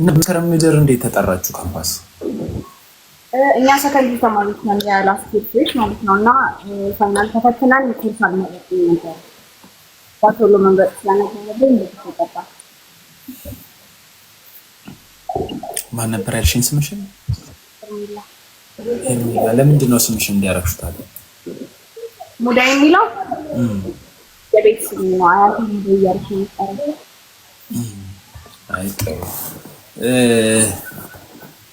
እና መስከረም ምድር እንዴት ተጠራችሁ ካምፓስ? እኛ ሰከንድ ተማሪዎች ነን፣ የላስት ማለት ነው። እና ፋይናል ተፈትናል። ኮርስ ማለት ነበር ባቶሎ መንበር ስለነበረብኝ እንደተጠጣ ማን ነበር ያልሽኝ ስምሽን? ሄርሜላ። ለምንድን ነው ስምሽን እንዲያረግሹ ሙዳ የሚለው የቤት ስም ነው። አያቴ ሙዳ እያልሽ ነው። አይ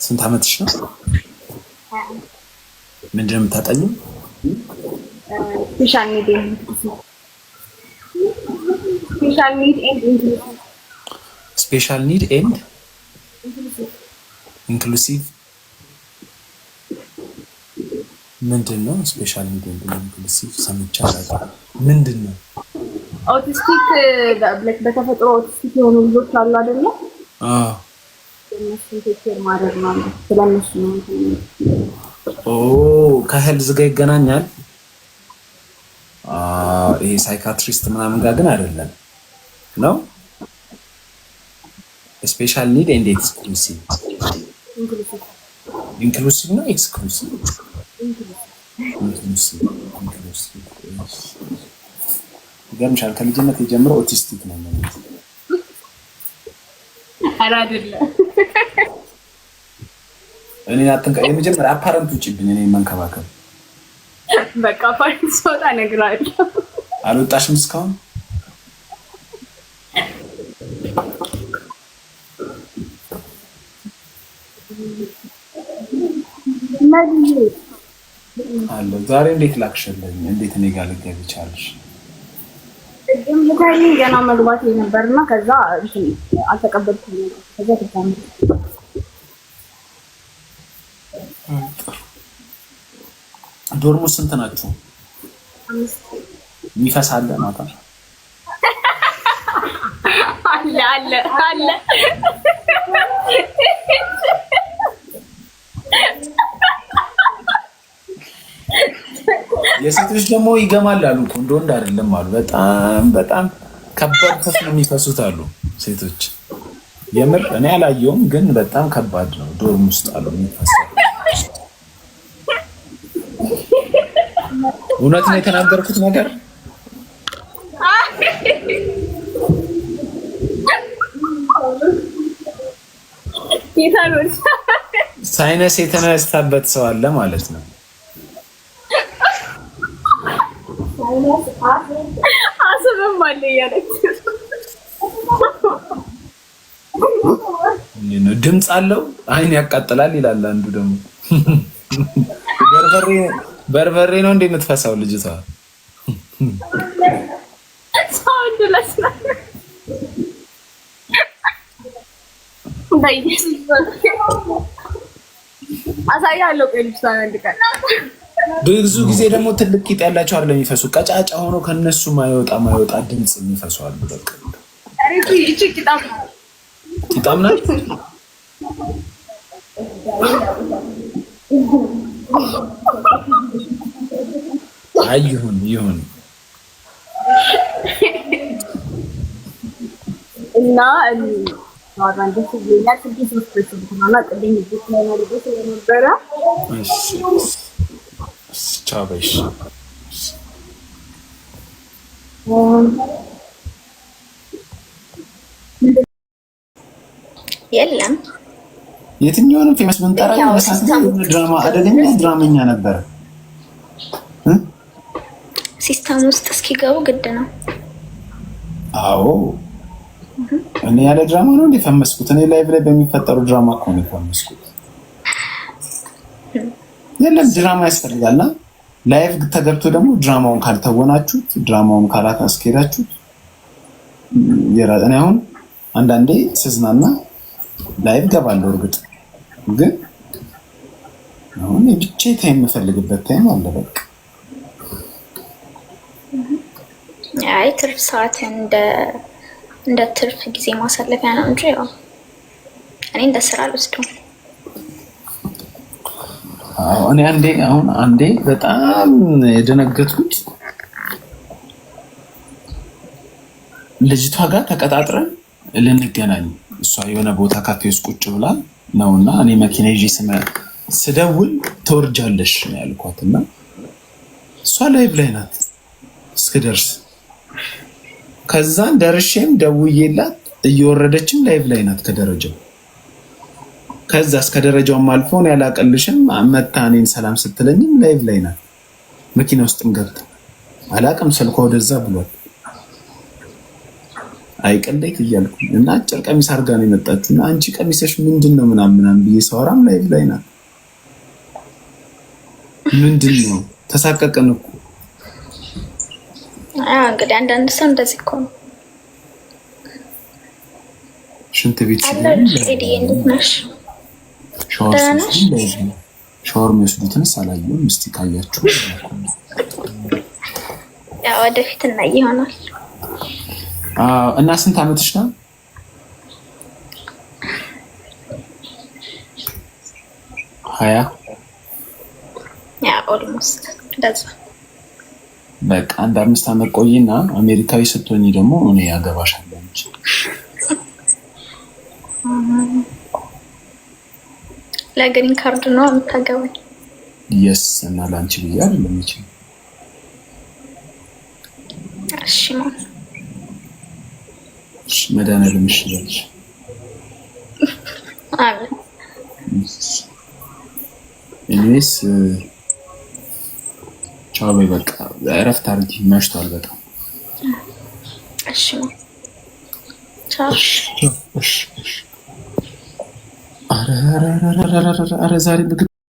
ስንት አመትሽ ነው? ምንድን ነው የምታጠኚው? ስፔሻል ኒድ ኤንድ ኢንክሉሲቭ ምንድን ነው? ስፔሻል ኒድ ኤንድ ኢንክሉሲቭ ሰምቼ አላውቅም። ምንድን ነው? ኦቲስቲክ በተፈጥሮ ኦቲስቲክ የሆኑ ልጆች አሉ አይደለ? ከህል ዝጋ ይገናኛል። ይሄ ሳይካትሪስት ምናምን ጋር ግን አይደለም ነው። ስፔሻል ኒድ ኤንድ ኤክስክሉሲቭ ኢንክሉሲቭ ነው ኤክስክሉሲቭ ይገርምሻል። ከልጅነት የጀምሮ ኦቲስቲክ ነው ማለት አይደለም። እኔን አትንካ። የመጀመሪያ አፓረንት ውጭብኝ። እኔ መንከባከብ በቃ አፓረንት ስወጣ እነግርሃለሁ። አልወጣሽም እስካሁን አለ። ዛሬ እንዴት ላክሽልኝ? እንዴት እኔ ጋር ልትገቢ ቻልሽ? ገና መግባት ነበር እና ከዛ አልተቀበልኩም። ከዛ ዶርሙ ስንት ናችሁ? የሚፈሳለ ማታ አለ አለ አለ የሴት ልጅ ደግሞ ይገማል አሉ እኮ እንደ ወንድ አይደለም አሉ። በጣም በጣም ከባድ ፈስ ነው የሚፈሱት አሉ ሴቶች። የምር እኔ አላየውም፣ ግን በጣም ከባድ ነው ዶርም ውስጥ አሉ የሚፈሳል እውነት ነው የተናገርኩት ነገር ሳይነስ የተነሳበት ሰው አለ ማለት ነው። ድምፅ አለው አይን ያቃጥላል ይላል አንዱ ደግሞ በርበሬ ነው እንዴ የምትፈሳው ልጅቷ? ብዙ ጊዜ ደግሞ ትልቅ ቂጥ ያላቸው አለ የሚፈሱ ቀጫጫ ሆኖ ከነሱ ማይወጣ ማይወጣ ድምፅ የሚፈሱ አሉ። ቂጣም ናት። አይ ይሁን ይሁን እና የለም የትኛውንም ፌመስ ብንጠራ ድራማ አደገኛ ድራመኛ ነበረ። ሲስተም ውስጥ እስኪገቡ ግድ ነው። አዎ እኔ ያለ ድራማ ነው እንዴ ፈመስኩት። እኔ ላይቭ ላይ በሚፈጠሩ ድራማ እኮ ነው የፈመስኩት። የለም ድራማ ያስፈልጋልና ላይቭ ተገብቶ ደግሞ ድራማውን ካልተወናችሁት፣ ድራማውን ካላት አስኬዳችሁት። እኔ አሁን አንዳንዴ ስዝናና ላይቭ ገባለሁ። እርግጥ ግን አሁን ብቻ ታይም የምፈልግበት ታይም አለ። በቃ አይ ትርፍ ሰዓት እንደ እንደ ትርፍ ጊዜ ማሳለፊያ ነው እንጂ ያው እኔ እንደ ስራ አልወስደውም። አዎ እኔ አንዴ አሁን አንዴ በጣም የደነገጥኩት ልጅቷ ጋር ተቀጣጥረን ልንገናኝ እሷ የሆነ ቦታ ካፌ ውስጥ ቁጭ ብላ ነው እና እኔ መኪና ይዤ ስደውል ተወርጃለሽ ያልኳት እና እሷ ላይቭ ላይ ናት እስክደርስ። ከዛን ደርሼም ደውዬላት እየወረደችም ላይቭ ላይ ናት ከደረጃው። ከዛ እስከ ደረጃውም አልፎን ያላቀልሽም መታ እኔን ሰላም ስትለኝም ላይቭ ላይ ናት። መኪና ውስጥም ገብታ አላቅም ስልኳ ወደዛ ብሏል። አይ ቅሌት እያልኩ እና አጭር ቀሚስ አድርጋ ነው የመጣችሁ እና አንቺ ቀሚሰሽ ምንድን ነው ምናምናም ብዬ ሳወራም ላይ ላይ ናት። ምንድን ነው ተሳቀቅን እኮ እንግዲህ አንዳንድ ሰው እንደዚህ እኮ ነው። ሽንት ቤት ሻወር የሚወስዱትንስ አላየሁም። ምስቲ ካያችሁ ወደፊት እና ይሆናል። እና ስንት ዓመትሽ ነው? ሀያ በቃ አንድ አምስት ዓመት ቆይና አሜሪካዊ ስትሆኚ ደግሞ እኔ ያገባሻለሁ። ለግሪን ካርድ ነው የምታገባኝ? የስ እና ለአንቺ ብዬ አይደለም። እሺ መድኃኒዓለም ይሽላልሽ። እኔስ ቻው በይ፣ በቃ እረፍት አድርጊ፣ መሽቷል በጣም። እሺ ቻው።